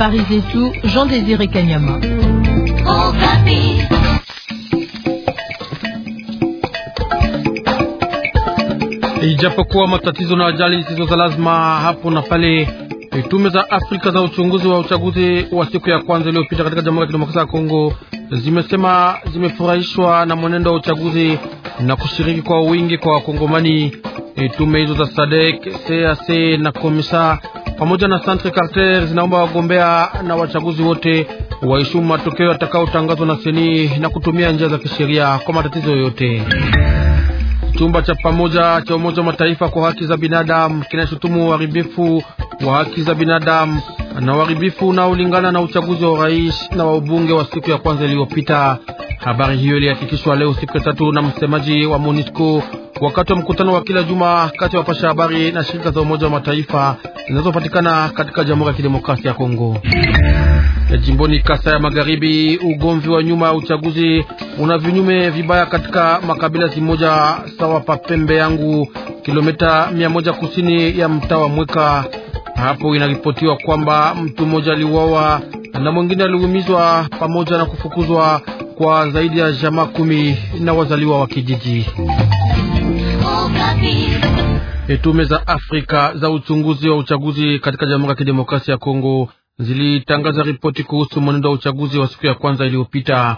Paris Zetou, Jean-Désiré Kanyama. Ijapokuwa matatizo na ajali zisizo za lazima hapo na pale, eh, tume za Afrika za uchunguzi wa uchaguzi wa siku ya kwanza iliyopita katika Jamhuri ya Kidemokrasia ya Kongo zimesema zimefurahishwa na mwenendo wa uchaguzi na kushiriki kwa wingi kwa Wakongomani. Eh, tume hizo za SADC, CAC na Komisa pamoja na Centre Carter zinaomba wagombea na wachaguzi wote waheshimu matokeo yatakaotangazwa na seni na kutumia njia za kisheria kwa matatizo yoyote. Chumba cha pamoja cha Umoja wa Mataifa kwa haki za binadamu kinashutumu uharibifu wa haki za binadamu na uharibifu unaolingana na uchaguzi wa urais na wa ubunge wa siku ya kwanza iliyopita. Habari hiyo ilihakikishwa leo siku ya tatu na msemaji wa MONUSCO wakati wa mkutano wa kila juma kati ya wapasha habari na shirika za Umoja wa Mataifa zinazopatikana katika Jamhuri ya Kidemokrasia ya Kongo. Jimboni Kasa ya Magharibi, ugomvi wa nyuma ya uchaguzi una vinyume vibaya katika makabila zimoja sawa papembe yangu kilomita mia moja kusini ya mtaa wa Mweka. Hapo inaripotiwa kwamba mtu mmoja aliuawa na mwingine aliumizwa pamoja na kufukuzwa kwa zaidi ya jamaa kumi na wazaliwa wa kijiji. Tume za Afrika za uchunguzi wa uchaguzi katika Jamhuri ya Kidemokrasia ya Kongo zilitangaza ripoti kuhusu mwenendo wa uchaguzi wa siku ya kwanza iliyopita.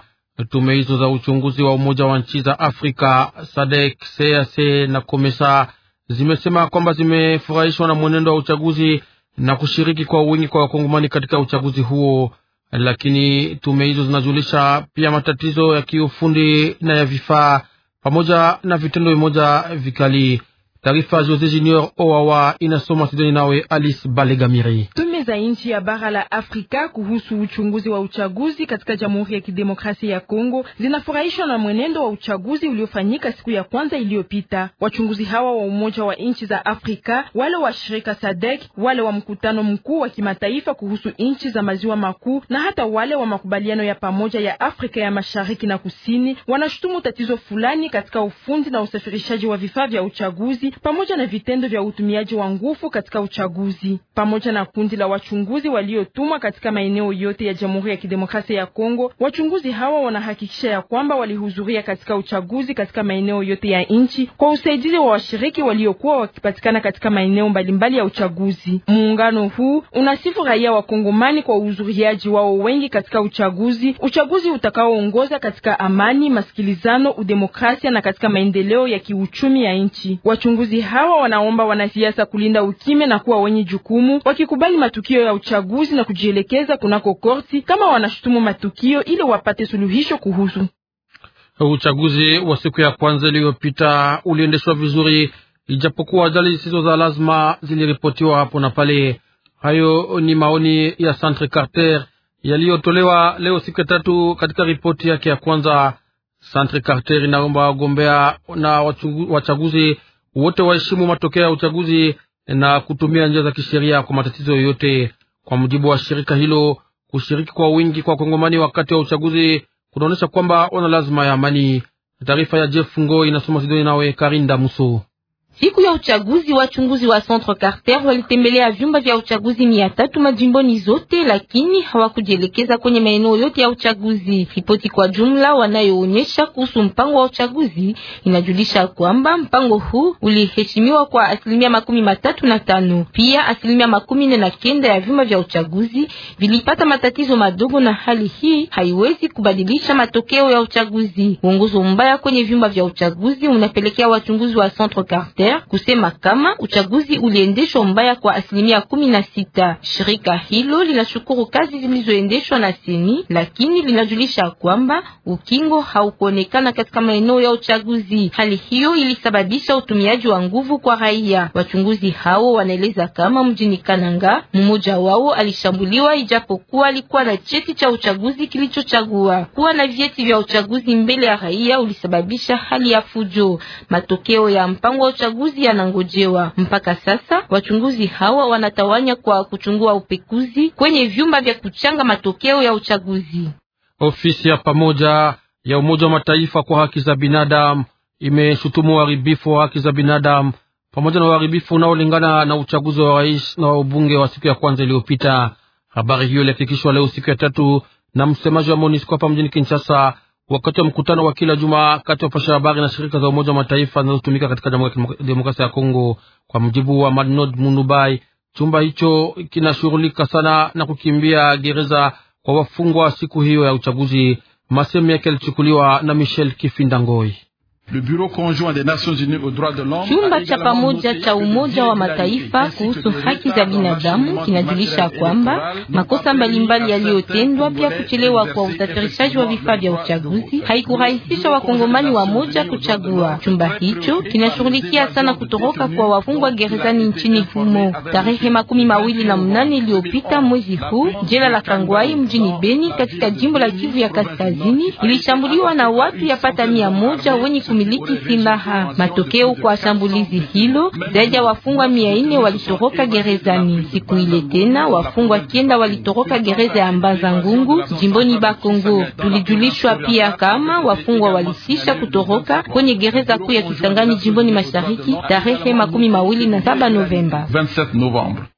Tume hizo za uchunguzi wa Umoja wa Nchi za Afrika SADC, CAC na COMESA zimesema kwamba zimefurahishwa na mwenendo wa uchaguzi na kushiriki kwa wingi kwa wakongomani katika uchaguzi huo, lakini tume hizo zinajulisha pia matatizo ya kiufundi na ya vifaa pamoja na vitendo vimoja vikali. Taarifa Jose Junior Owawa inasoma Sidoni nawe Alice Balegamiri. Tume za nchi ya bara la Afrika kuhusu uchunguzi wa uchaguzi katika Jamhuri ya Kidemokrasia ya Kongo zinafurahishwa na mwenendo wa uchaguzi uliofanyika siku ya kwanza iliyopita. Wachunguzi hawa wa Umoja wa Nchi za Afrika, wale wa shirika sadek wale wa mkutano mkuu wa kimataifa kuhusu nchi za maziwa makuu na hata wale wa makubaliano ya pamoja ya Afrika ya Mashariki na Kusini wanashutumu tatizo fulani katika ufundi na usafirishaji wa vifaa vya uchaguzi pamoja na vitendo vya utumiaji wa nguvu katika uchaguzi, pamoja na kundi la wachunguzi waliotumwa katika maeneo yote ya Jamhuri ya Kidemokrasia ya Kongo. Wachunguzi hawa wanahakikisha ya kwamba walihudhuria katika uchaguzi katika maeneo yote ya nchi kwa usaidizi wa washiriki waliokuwa wakipatikana katika maeneo mbalimbali ya uchaguzi. Muungano huu unasifu raia wa Kongomani kwa uhudhuriaji wao wengi katika uchaguzi, uchaguzi utakaoongoza katika amani, masikilizano, udemokrasia na katika maendeleo ya kiuchumi ya nchi. Wachunguzi Wachambuzi hawa wanaomba wanasiasa kulinda ukime na kuwa wenye jukumu, wakikubali matukio ya uchaguzi na kujielekeza kunako korti kama wanashutumu matukio ili wapate suluhisho kuhusu uchaguzi wa siku ya kwanza iliyopita uliendeshwa vizuri, ijapokuwa ajali zisizo za lazima ziliripotiwa hapo na pale. Hayo ni maoni ya Centre Carter yaliyotolewa leo siku ya tatu katika ripoti yake ya kwanza. Centre Carter inaomba wagombea na wachaguzi wote waheshimu matokeo ya uchaguzi na kutumia njia za kisheria kwa matatizo yoyote. Kwa mujibu wa shirika hilo, kushiriki kwa wingi kwa Wakongomani wakati wa uchaguzi kunaonyesha kwamba wana lazima ya amani. Taarifa ya Jeff Ngo inasoma Sidoni nawe Karinda Muso. Siku ya uchaguzi wachunguzi wa Centre Carter walitembelea vyumba vya uchaguzi mia tatu majimboni zote, lakini hawakujielekeza kwenye maeneo yote ya uchaguzi. Ripoti kwa jumla wanayoonyesha kuhusu mpango wa uchaguzi inajulisha kwamba mpango huu uliheshimiwa kwa asilimia makumi matatu na tano. Pia asilimia makumi nne na kenda ya vyumba vya uchaguzi vilipata matatizo madogo, na hali hii haiwezi kubadilisha matokeo ya uchaguzi. Uongozo mbaya kwenye vyumba vya uchaguzi unapelekea wachunguzi wa Centre Carter Voltaire kusema kama uchaguzi uliendeshwa mbaya kwa asilimia kumi na sita. Shirika hilo linashukuru kazi zilizoendeshwa na seni, lakini linajulisha kwamba ukingo haukuonekana katika maeneo ya uchaguzi. Hali hiyo ilisababisha utumiaji wa nguvu kwa raia. Wachunguzi hao wanaeleza kama mjini Kananga mmoja wao alishambuliwa ijapokuwa alikuwa na cheti cha uchaguzi kilichochagua. Kuwa na vyeti vya uchaguzi mbele ya raia ulisababisha hali ya fujo. Matokeo ya mpango wa uchaguzi uchaguzi yanangojewa. Mpaka sasa wachunguzi hawa wanatawanya kwa kuchungua upekuzi kwenye vyumba vya kuchanga matokeo ya uchaguzi. Ofisi ya pamoja ya Umoja wa Mataifa kwa haki za binadamu imeshutumu uharibifu wa haki za binadamu pamoja na uharibifu unaolingana na uchaguzi wa rais na wa ubunge wa siku ya kwanza iliyopita. Habari hiyo ilihakikishwa leo siku ya tatu na msemaji wa MONUSCO hapa mjini Kinshasa wakati wa mkutano wa kila juma kati ya wapasha habari na shirika za Umoja wa Mataifa zinazotumika katika Jamhuri ya Demokrasia ya Kongo. Kwa mjibu wa Madnod Munubai, chumba hicho kinashughulika sana na kukimbia gereza kwa wafungwa siku hiyo ya uchaguzi. Masemu yake yalichukuliwa na Michel Kifindangoi. Chumba cha pamoja cha Umoja wa Mataifa kuhusu haki za binadamu kinajulisha kwamba makosa mbalimbali yaliyotendwa, pia kuchelewa kwa usafirishaji wa vifaa vya uchaguzi, haikurahisisha wakongomani wa moja kuchagua. Chumba hicho kinashughulikia sana kutoroka kwa wafungwa gerezani nchini humo. Tarehe makumi mawili na mnane iliyopita mwezi huu, jela la Kangwai mjini Beni katika jimbo la Kivu ya Kaskazini ilishambuliwa na watu yapata mia moja wenye kumi wanaomiliki silaha. Matokeo kwa shambulizi hilo, zaidi ya wafungwa mia nne walitoroka gerezani. Siku ile tena wafungwa kenda walitoroka gereza ya mbaza Ngungu jimboni Bakongo. Tulijulishwa pia kama wafungwa walisisha kutoroka kwenye gereza kuu ya Kisangani jimboni Mashariki tarehe makumi mawili na saba Novemba.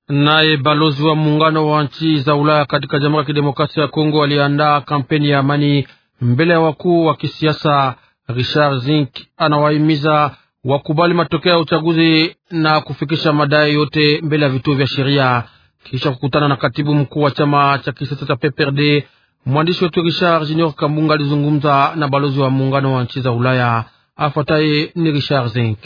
Naye balozi wa muungano wa nchi za Ulaya katika Jamhuri ya Kidemokrasia ya Kongo aliandaa kampeni ya amani mbele ya wakuu wa kisiasa. Richard Zink anawahimiza wakubali matokeo ya uchaguzi na kufikisha madai yote mbele ya vituo vya sheria. Kisha kukutana na katibu mkuu wa chama cha kisiasa cha PPRD, mwandishi wetu Richard Junior Kambunga alizungumza na balozi wa muungano wa nchi za Ulaya. Afuataye ni Richard Zink.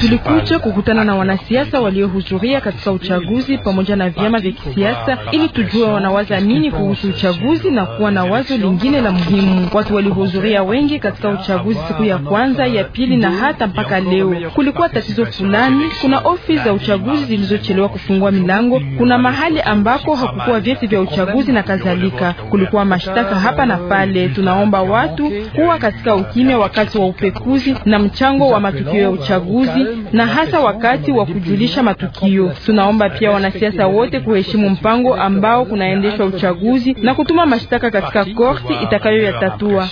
Tulikuja kukutana na wanasiasa waliohudhuria katika uchaguzi pamoja na vyama vya kisiasa ili tujue wanawaza nini kuhusu uchaguzi na kuwa na euh, wazo lingine la muhimu. Watu walihudhuria wengi katika uchaguzi siku ya kwanza, ya pili na hata mpaka leo. Kulikuwa tatizo fulani, kuna ofisi za uchaguzi zilizochelewa kufungua milango, kuna mahali ambako hakukuwa vyeti vya uchaguzi na kadhalika. Kulikuwa mashtaka hapa na euh, pale. Tunaomba watu kuwa katika ukimya wakati wa upekuzi na mchango mpango wa matukio ya uchaguzi na hasa wakati wa kujulisha matukio. Tunaomba pia wanasiasa wote kuheshimu mpango ambao kunaendeshwa uchaguzi na kutuma mashtaka katika korti itakayoyatatua.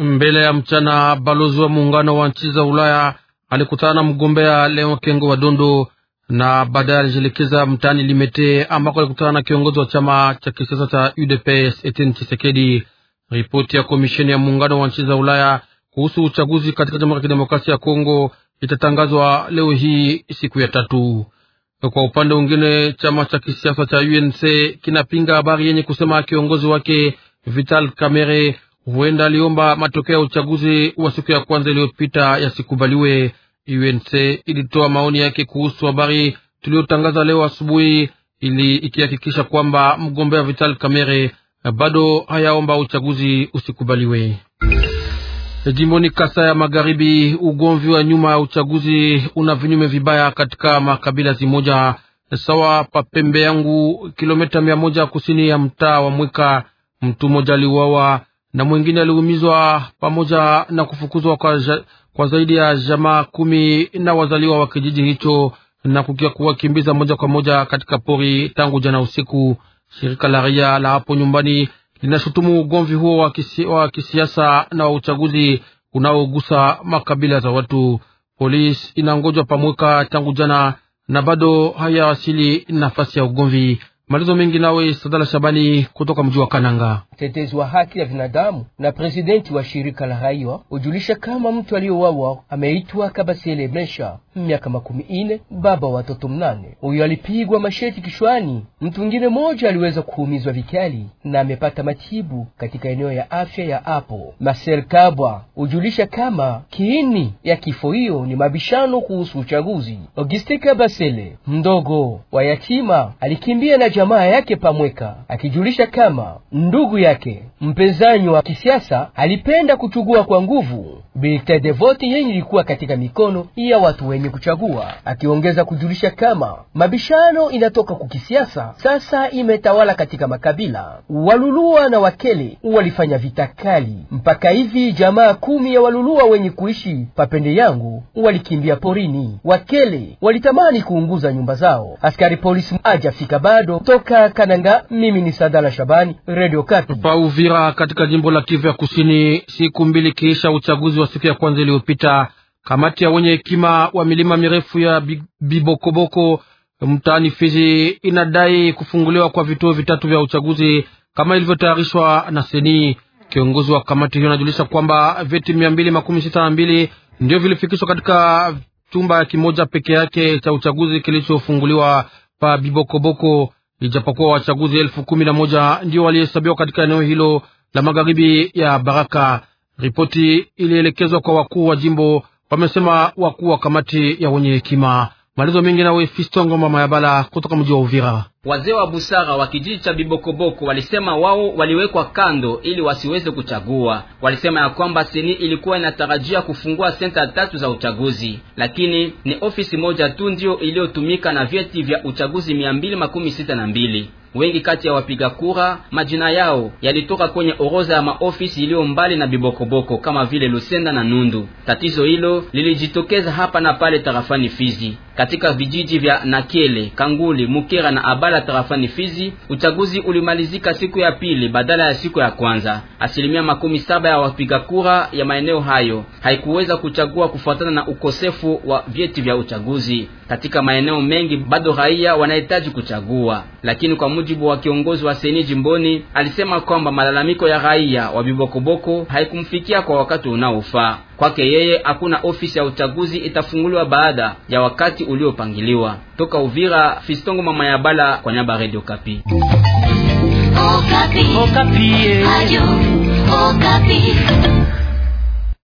Mbele ya mchana, balozi wa muungano wa nchi za Ulaya alikutana na mgombea Leon Kengo wa Dondo na baadaye alijielekeza mtaani Limete ambako alikutana na kiongozi wa chama cha kisiasa cha UDPS Etienne Tshisekedi. Ripoti ya komisheni ya muungano wa nchi za Ulaya kuhusu uchaguzi katika Jamhuri ya Kidemokrasia ya Kongo itatangazwa leo hii siku ya tatu. Kwa upande mwingine, chama cha kisiasa cha UNC kinapinga habari yenye kusema kiongozi wake Vital Kamerhe huenda aliomba matokeo ya uchaguzi wa siku ya kwanza iliyopita yasikubaliwe. UNC ilitoa maoni yake kuhusu habari tuliyotangaza leo asubuhi, ili ikihakikisha kwamba mgombea Vital Kamerhe bado hayaomba uchaguzi usikubaliwe. Jimboni Kasa ya Magharibi, ugomvi wa nyuma ya uchaguzi una vinyume vibaya katika makabila zimoja sawa pa pembe yangu, kilomita mia moja kusini ya mtaa wa Mwika, mtu mmoja aliuawa na mwingine aliumizwa pamoja na kufukuzwa kwa, ja, kwa zaidi ya jamaa kumi na wazaliwa wa kijiji hicho na kukia kuwakimbiza moja kwa moja katika pori tangu jana usiku. Shirika la raia la hapo nyumbani linashutumu ugomvi huo wa, kisi, wa kisiasa na wa uchaguzi unaogusa makabila za watu. Polisi inangojwa pamweka tangu jana na bado hayawasili nafasi ya ugomvi. Malizo mengi nawe Sadala Shabani kutoka mji wa Kananga. Mtetezi wa haki ya binadamu na presidenti wa shirika la raia hujulisha kama mtu aliyowawa ameitwa Kabasele Mesha, miaka makumi ine, baba wa watoto mnane. Huyo alipigwa masheti kishwani Mtu mwingine mmoja aliweza kuumizwa vikali na amepata matibu katika eneo ya afya ya apo Marcel Kabwa hujulisha kama kiini ya kifo hiyo ni mabishano kuhusu uchaguzi. Auguste Kabasele mdogo wa yatima alikimbia na jamaa yake Pamweka akijulisha kama ndugu yake mpinzani wa kisiasa alipenda kuchugua kwa nguvu bilta de vote yenye ilikuwa katika mikono ya watu wenye kuchagua, akiongeza kujulisha kama mabishano inatoka kukisiasa sasa imetawala katika makabila. Walulua na Wakele walifanya vita kali mpaka hivi jamaa kumi ya Walulua wenye kuishi papende yangu walikimbia porini. Wakele walitamani kuunguza nyumba zao. Askari polisi hajafika bado kutoka Kananga, mimi ni Sadala Shabani, Radio Kati pa Uvira, katika jimbo la Kivu ya Kusini. Siku mbili kiisha uchaguzi wa siku ya kwanza iliyopita, kamati ya wenye hekima wa milima mirefu ya Bibokoboko mtaani Fizi inadai kufunguliwa kwa vituo vitatu vya uchaguzi kama ilivyotayarishwa na Seni. Kiongozi wa kamati hiyo anajulisha kwamba viti mia mbili makumi sita na mbili ndio vilifikishwa katika chumba kimoja peke yake cha uchaguzi kilichofunguliwa pa Bibokoboko ijapokuwa wachaguzi elfu kumi na moja ndio walihesabiwa katika eneo hilo la magharibi ya Baraka. Ripoti ilielekezwa kwa wakuu wa jimbo, wamesema wakuu wa kamati ya wenye hekima. Maelezo mengi nawe Fistongo Mama Yabala kutoka mji wa Uvira. Wazee wa busara wa kijiji cha Bibokoboko walisema wao waliwekwa kando ili wasiweze kuchagua. Walisema ya kwamba seni ilikuwa inatarajia kufungua senta tatu za uchaguzi, lakini ni ofisi moja tu ndio iliyotumika na vyeti vya uchaguzi mia mbili makumi sita na mbili. Wengi kati ya wapiga kura majina yao yalitoka kwenye orodha ya maofisi iliyo mbali na Bibokoboko kama vile Lusenda na Nundu. Tatizo hilo lilijitokeza hapa na pale tarafani Fizi, katika vijiji vya Nakele, Kanguli, Mukera na Abala Mbagala tarafani Fizi, uchaguzi ulimalizika siku ya pili badala ya siku ya kwanza. Asilimia makumi saba ya wapiga kura ya maeneo hayo haikuweza kuchagua kufuatana na ukosefu wa vyeti vya uchaguzi. Katika maeneo mengi bado raia wanahitaji kuchagua, lakini kwa mujibu wa kiongozi wa seni jimboni, alisema kwamba malalamiko ya raia wa Bibokoboko haikumfikia kwa wakati unaofaa. Kwake yeye hakuna ofisi ya uchaguzi itafunguliwa baada ya wakati uliopangiliwa. Toka Uvira, Fistongo mama ya Bala kwa nyaba Radio Kapi. Okapi. Okapi. Okapi. Eh.